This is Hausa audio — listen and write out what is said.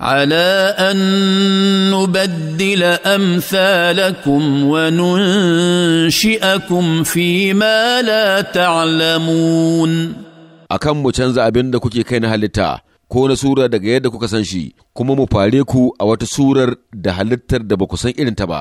على ان نبدل امثالكم وننشئكم فيما لا تعلمون akan mu canza abin da kuke kai na halitta ko na sura daga yadda kuka san shi kuma mu fare ku a wata surar da halittar da ba ku san irinta ba